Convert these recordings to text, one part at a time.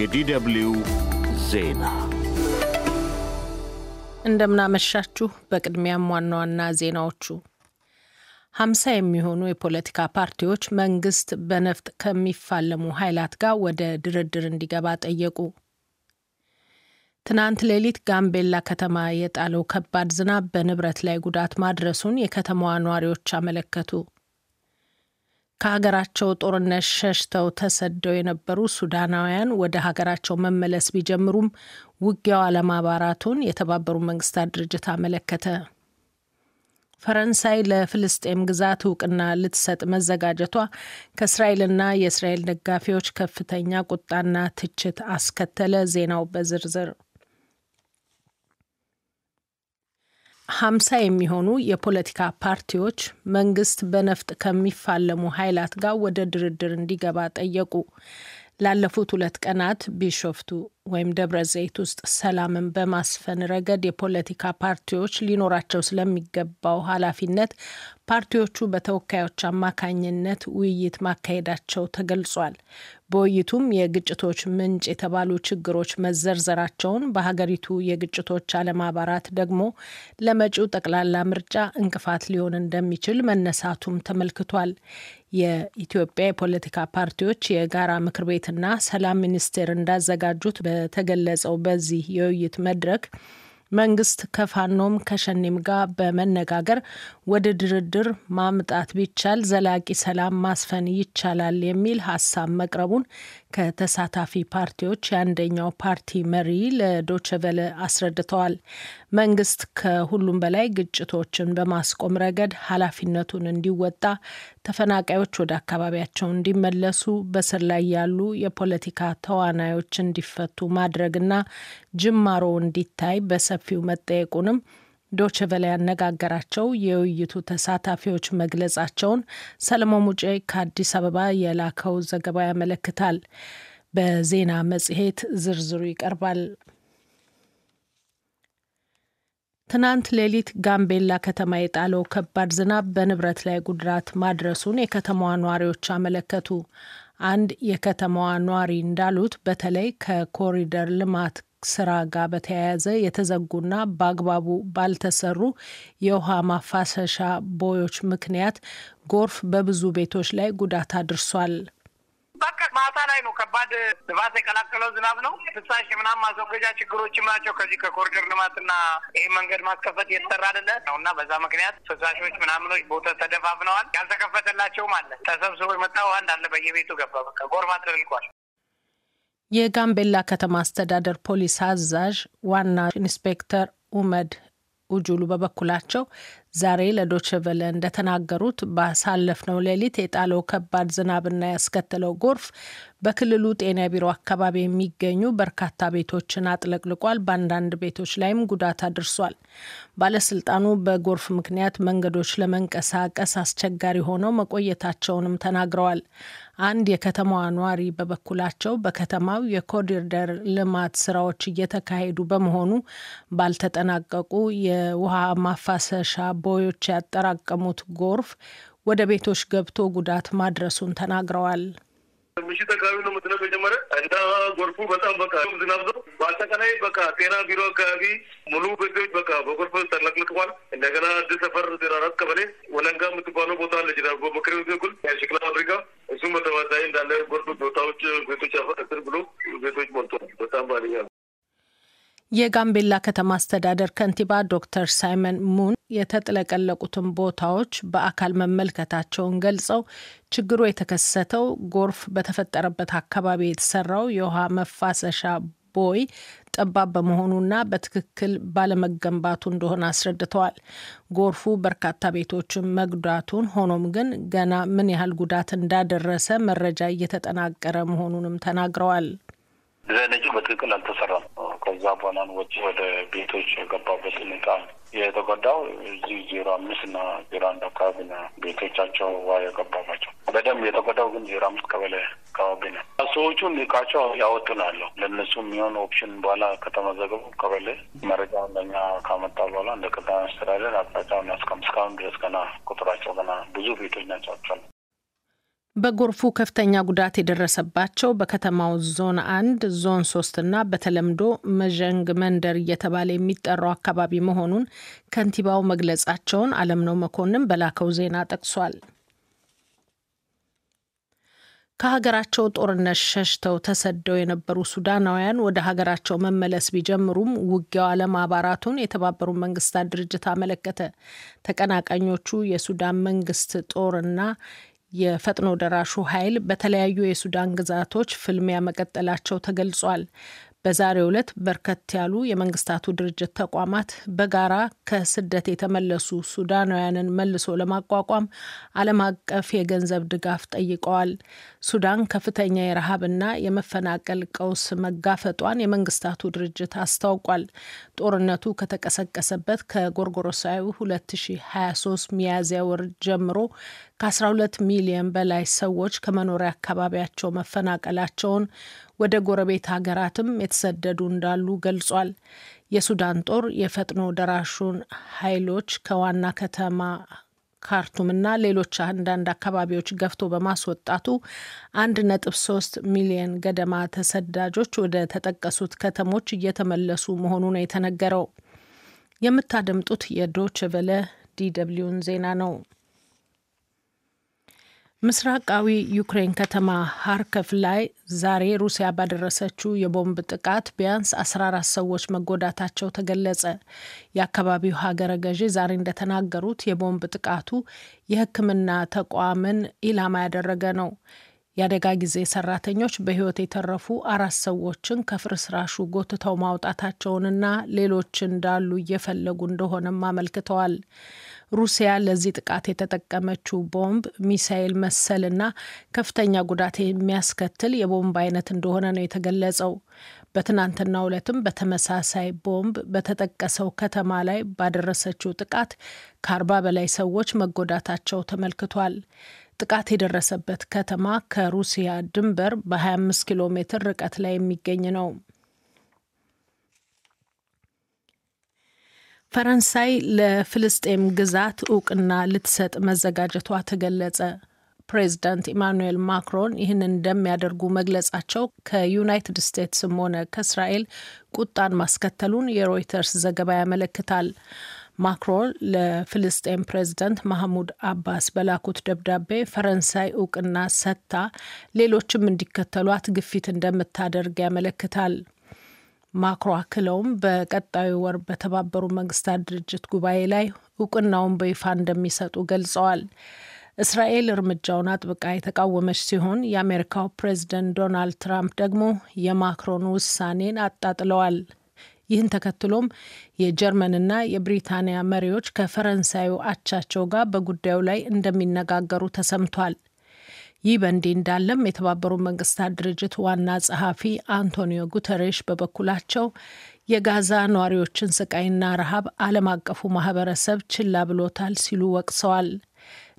የዲደብልዩ ዜና እንደምናመሻችሁ። በቅድሚያም ዋና ዋና ዜናዎቹ ሀምሳ የሚሆኑ የፖለቲካ ፓርቲዎች መንግስት በነፍጥ ከሚፋለሙ ኃይላት ጋር ወደ ድርድር እንዲገባ ጠየቁ። ትናንት ሌሊት ጋምቤላ ከተማ የጣለው ከባድ ዝናብ በንብረት ላይ ጉዳት ማድረሱን የከተማዋ ነዋሪዎች አመለከቱ። ከሀገራቸው ጦርነት ሸሽተው ተሰደው የነበሩ ሱዳናውያን ወደ ሀገራቸው መመለስ ቢጀምሩም ውጊያው አለማባራቱን የተባበሩት መንግስታት ድርጅት አመለከተ። ፈረንሳይ ለፍልስጤም ግዛት እውቅና ልትሰጥ መዘጋጀቷ ከእስራኤልና የእስራኤል ደጋፊዎች ከፍተኛ ቁጣና ትችት አስከተለ። ዜናው በዝርዝር ሀምሳ የሚሆኑ የፖለቲካ ፓርቲዎች መንግስት በነፍጥ ከሚፋለሙ ኃይላት ጋር ወደ ድርድር እንዲገባ ጠየቁ። ላለፉት ሁለት ቀናት ቢሾፍቱ ወይም ደብረ ዘይት ውስጥ ሰላምን በማስፈን ረገድ የፖለቲካ ፓርቲዎች ሊኖራቸው ስለሚገባው ኃላፊነት ፓርቲዎቹ በተወካዮች አማካኝነት ውይይት ማካሄዳቸው ተገልጿል። በውይይቱም የግጭቶች ምንጭ የተባሉ ችግሮች መዘርዘራቸውን፣ በሀገሪቱ የግጭቶች አለማባራት ደግሞ ለመጪው ጠቅላላ ምርጫ እንቅፋት ሊሆን እንደሚችል መነሳቱም ተመልክቷል። የኢትዮጵያ የፖለቲካ ፓርቲዎች የጋራ ምክር ቤትና ሰላም ሚኒስቴር እንዳዘጋጁት በ በተገለጸው በዚህ የውይይት መድረክ መንግስት ከፋኖም ከሸኔም ጋር በመነጋገር ወደ ድርድር ማምጣት ቢቻል ዘላቂ ሰላም ማስፈን ይቻላል የሚል ሀሳብ መቅረቡን ከተሳታፊ ፓርቲዎች የአንደኛው ፓርቲ መሪ ለዶቸቨለ አስረድተዋል። መንግስት ከሁሉም በላይ ግጭቶችን በማስቆም ረገድ ኃላፊነቱን እንዲወጣ፣ ተፈናቃዮች ወደ አካባቢያቸው እንዲመለሱ፣ በስር ላይ ያሉ የፖለቲካ ተዋናዮች እንዲፈቱ ማድረግና ጅማሮ እንዲታይ በሰፊው መጠየቁንም ዶችቨለ ያነጋገራቸው የውይይቱ ተሳታፊዎች መግለጻቸውን ሰለሞን ሙጬ ከአዲስ አበባ የላከው ዘገባ ያመለክታል። በዜና መጽሔት ዝርዝሩ ይቀርባል። ትናንት ሌሊት ጋምቤላ ከተማ የጣለው ከባድ ዝናብ በንብረት ላይ ጉዳት ማድረሱን የከተማዋ ነዋሪዎች አመለከቱ። አንድ የከተማዋ ኗሪ እንዳሉት በተለይ ከኮሪደር ልማት ስራ ጋር በተያያዘ የተዘጉና በአግባቡ ባልተሰሩ የውሃ ማፋሰሻ ቦዮች ምክንያት ጎርፍ በብዙ ቤቶች ላይ ጉዳት አድርሷል። ማታ ላይ ነው ከባድ ንፋስ የቀላቀለው ዝናብ ነው። ፍሳሽ ምናምን ማስወገጃ ችግሮችም ናቸው። ከዚህ ከኮሪደር ልማትና ይህ መንገድ ማስከፈት የተሰራ አይደለ ነው እና በዛ ምክንያት ፍሳሾች ምናምኖች ቦታ ተደፋፍነዋል። ያልተከፈተላቸውም አለ። ተሰብስቦ የመጣ ውሃ እንዳለ በየቤቱ ገባ። በቃ ጎርባ የጋምቤላ ከተማ አስተዳደር ፖሊስ አዛዥ ዋና ኢንስፔክተር ኡመድ ኡጁሉ በበኩላቸው ዛሬ ለዶችቨለ እንደተናገሩት ባሳለፍነው ሌሊት የጣለው ከባድ ዝናብና ያስከተለው ጎርፍ በክልሉ ጤና ቢሮ አካባቢ የሚገኙ በርካታ ቤቶችን አጥለቅልቋል። በአንዳንድ ቤቶች ላይም ጉዳት አድርሷል። ባለስልጣኑ በጎርፍ ምክንያት መንገዶች ለመንቀሳቀስ አስቸጋሪ ሆነው መቆየታቸውንም ተናግረዋል። አንድ የከተማዋ ነዋሪ በበኩላቸው በከተማው የኮሪደር ልማት ስራዎች እየተካሄዱ በመሆኑ ባልተጠናቀቁ የውሃ ማፋሰሻ ቦዮች ያጠራቀሙት ጎርፍ ወደ ቤቶች ገብቶ ጉዳት ማድረሱን ተናግረዋል። ምሽት አካባቢ ነው ምትነው የጀመረው እና ጎርፉ በጣም በቃ ዝናብ ዘው በአጠቃላይ በቃ ጤና ቢሮ አካባቢ ሙሉ ቤቶች በቃ በጎርፍ ተለቅልቀዋል። እንደገና አዲስ ሰፈር አራት ቀበሌ የጋምቤላ ከተማ አስተዳደር ከንቲባ ዶክተር ሳይመን ሙን የተጥለቀለቁትን ቦታዎች በአካል መመልከታቸውን ገልጸው ችግሩ የተከሰተው ጎርፍ በተፈጠረበት አካባቢ የተሰራው የውሃ መፋሰሻ ቦይ ጠባብ በመሆኑና በትክክል ባለመገንባቱ እንደሆነ አስረድተዋል። ጎርፉ በርካታ ቤቶችን መጉዳቱን፣ ሆኖም ግን ገና ምን ያህል ጉዳት እንዳደረሰ መረጃ እየተጠናቀረ መሆኑንም ተናግረዋል። ዲዛይናቸው በትክክል አልተሰራም። ከዛ በኋላ ወጪ ወደ ቤቶች የገባበት ሁኔታ የተጎዳው እዚህ ዜሮ አምስት እና ዜሮ አንድ አካባቢ ነው ቤቶቻቸው ዋ የገባባቸው በደንብ የተጎዳው ግን ዜሮ አምስት ቀበሌ አካባቢ ነው። ሰዎቹን እቃቸው ያወጡ ነው ያለው። ለእነሱ የሚሆን ኦፕሽን በኋላ ከተመዘገቡ ቀበሌ መረጃ ለኛ ካመጣ በኋላ እንደ ቅዳ አስተዳደር አቅጣጫውን ያስቀም እስካሁን ድረስ ገና ቁጥራቸው ገና ብዙ ቤቶች ናቸው። በጎርፉ ከፍተኛ ጉዳት የደረሰባቸው በከተማው ዞን አንድ ዞን ሶስት እና በተለምዶ መዠንግ መንደር እየተባለ የሚጠራው አካባቢ መሆኑን ከንቲባው መግለጻቸውን አለምነው መኮንን በላከው ዜና ጠቅሷል። ከሀገራቸው ጦርነት ሸሽተው ተሰደው የነበሩ ሱዳናውያን ወደ ሀገራቸው መመለስ ቢጀምሩም ውጊያው አለማባራቱን የተባበሩ መንግስታት ድርጅት አመለከተ። ተቀናቃኞቹ የሱዳን መንግስት ጦርና የፈጥኖ ደራሹ ኃይል በተለያዩ የሱዳን ግዛቶች ፍልሚያ መቀጠላቸው ተገልጿል። በዛሬው ዕለት በርከት ያሉ የመንግስታቱ ድርጅት ተቋማት በጋራ ከስደት የተመለሱ ሱዳናውያንን መልሶ ለማቋቋም ዓለም አቀፍ የገንዘብ ድጋፍ ጠይቀዋል። ሱዳን ከፍተኛ የረሃብና የመፈናቀል ቀውስ መጋፈጧን የመንግስታቱ ድርጅት አስታውቋል። ጦርነቱ ከተቀሰቀሰበት ከጎርጎሮሳዊ 2023 ሚያዝያ ወር ጀምሮ ከ12 ሚሊዮን በላይ ሰዎች ከመኖሪያ አካባቢያቸው መፈናቀላቸውን ወደ ጎረቤት ሀገራትም የተ እየተሰደዱ እንዳሉ ገልጿል። የሱዳን ጦር የፈጥኖ ደራሹን ኃይሎች ከዋና ከተማ ካርቱምና ሌሎች አንዳንድ አካባቢዎች ገፍቶ በማስወጣቱ አንድ ነጥብ ሶስት ሚሊየን ገደማ ተሰዳጆች ወደ ተጠቀሱት ከተሞች እየተመለሱ መሆኑ ነው የተነገረው። የምታደምጡት የዶችቨለ ዲደብሊውን ዜና ነው። ምስራቃዊ ዩክሬን ከተማ ሃርከፍ ላይ ዛሬ ሩሲያ ባደረሰችው የቦምብ ጥቃት ቢያንስ 14 ሰዎች መጎዳታቸው ተገለጸ። የአካባቢው ሀገረ ገዢ ዛሬ እንደተናገሩት የቦምብ ጥቃቱ የሕክምና ተቋምን ኢላማ ያደረገ ነው። የአደጋ ጊዜ ሰራተኞች በህይወት የተረፉ አራት ሰዎችን ከፍርስራሹ ጎትተው ማውጣታቸውንና ሌሎች እንዳሉ እየፈለጉ እንደሆነም አመልክተዋል። ሩሲያ ለዚህ ጥቃት የተጠቀመችው ቦምብ ሚሳኤል መሰልና ከፍተኛ ጉዳት የሚያስከትል የቦምብ አይነት እንደሆነ ነው የተገለጸው። በትናንትና ዕለትም በተመሳሳይ ቦምብ በተጠቀሰው ከተማ ላይ ባደረሰችው ጥቃት ከአርባ በላይ ሰዎች መጎዳታቸው ተመልክቷል። ጥቃት የደረሰበት ከተማ ከሩሲያ ድንበር በ25 ኪሎ ሜትር ርቀት ላይ የሚገኝ ነው። ፈረንሳይ ለፍልስጤም ግዛት እውቅና ልትሰጥ መዘጋጀቷ ተገለጸ። ፕሬዚዳንት ኢማኑኤል ማክሮን ይህን እንደሚያደርጉ መግለጻቸው ከዩናይትድ ስቴትስም ሆነ ከእስራኤል ቁጣን ማስከተሉን የሮይተርስ ዘገባ ያመለክታል። ማክሮን ለፍልስጤን ፕሬዝደንት ማህሙድ አባስ በላኩት ደብዳቤ ፈረንሳይ እውቅና ሰጥታ ሌሎችም እንዲከተሏት ግፊት እንደምታደርግ ያመለክታል። ማክሮ አክለውም በቀጣዩ ወር በተባበሩ መንግስታት ድርጅት ጉባኤ ላይ እውቅናውን በይፋ እንደሚሰጡ ገልጸዋል። እስራኤል እርምጃውን አጥብቃ የተቃወመች ሲሆን የአሜሪካው ፕሬዝደንት ዶናልድ ትራምፕ ደግሞ የማክሮን ውሳኔን አጣጥለዋል። ይህን ተከትሎም የጀርመንና የብሪታንያ መሪዎች ከፈረንሳዩ አቻቸው ጋር በጉዳዩ ላይ እንደሚነጋገሩ ተሰምቷል። ይህ በእንዲህ እንዳለም የተባበሩ መንግስታት ድርጅት ዋና ጸሐፊ አንቶኒዮ ጉተሬሽ በበኩላቸው የጋዛ ነዋሪዎችን ስቃይና ረሃብ ዓለም አቀፉ ማህበረሰብ ችላ ብሎታል ሲሉ ወቅሰዋል።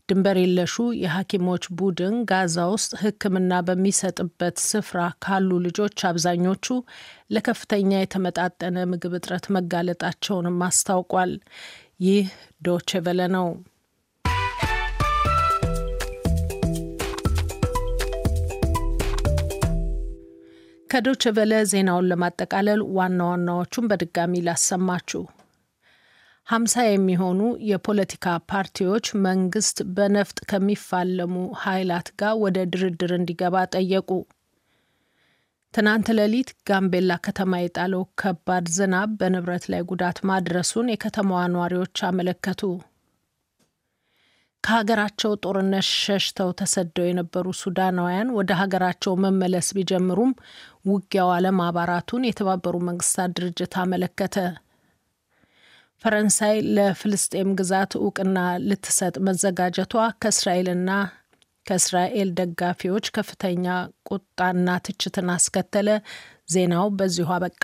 ድንበር የለሹ የሐኪሞች ቡድን ጋዛ ውስጥ ሕክምና በሚሰጥበት ስፍራ ካሉ ልጆች አብዛኞቹ ለከፍተኛ የተመጣጠነ ምግብ እጥረት መጋለጣቸውንም አስታውቋል። ይህ ዶቼ ቬለ ነው። ከዶቼ ቬለ ዜናውን ለማጠቃለል ዋና ዋናዎቹን በድጋሚ ላሰማችሁ። ሀምሳ የሚሆኑ የፖለቲካ ፓርቲዎች መንግስት በነፍጥ ከሚፋለሙ ኃይላት ጋር ወደ ድርድር እንዲገባ ጠየቁ። ትናንት ሌሊት ጋምቤላ ከተማ የጣለው ከባድ ዝናብ በንብረት ላይ ጉዳት ማድረሱን የከተማዋ ነዋሪዎች አመለከቱ። ከሀገራቸው ጦርነት ሸሽተው ተሰደው የነበሩ ሱዳናውያን ወደ ሀገራቸው መመለስ ቢጀምሩም ውጊያው አለማባራቱን የተባበሩ መንግስታት ድርጅት አመለከተ። ፈረንሳይ ለፍልስጤም ግዛት እውቅና ልትሰጥ መዘጋጀቷ ከእስራኤልና ከእስራኤል ደጋፊዎች ከፍተኛ ቁጣና ትችትን አስከተለ። ዜናው በዚሁ አበቃ።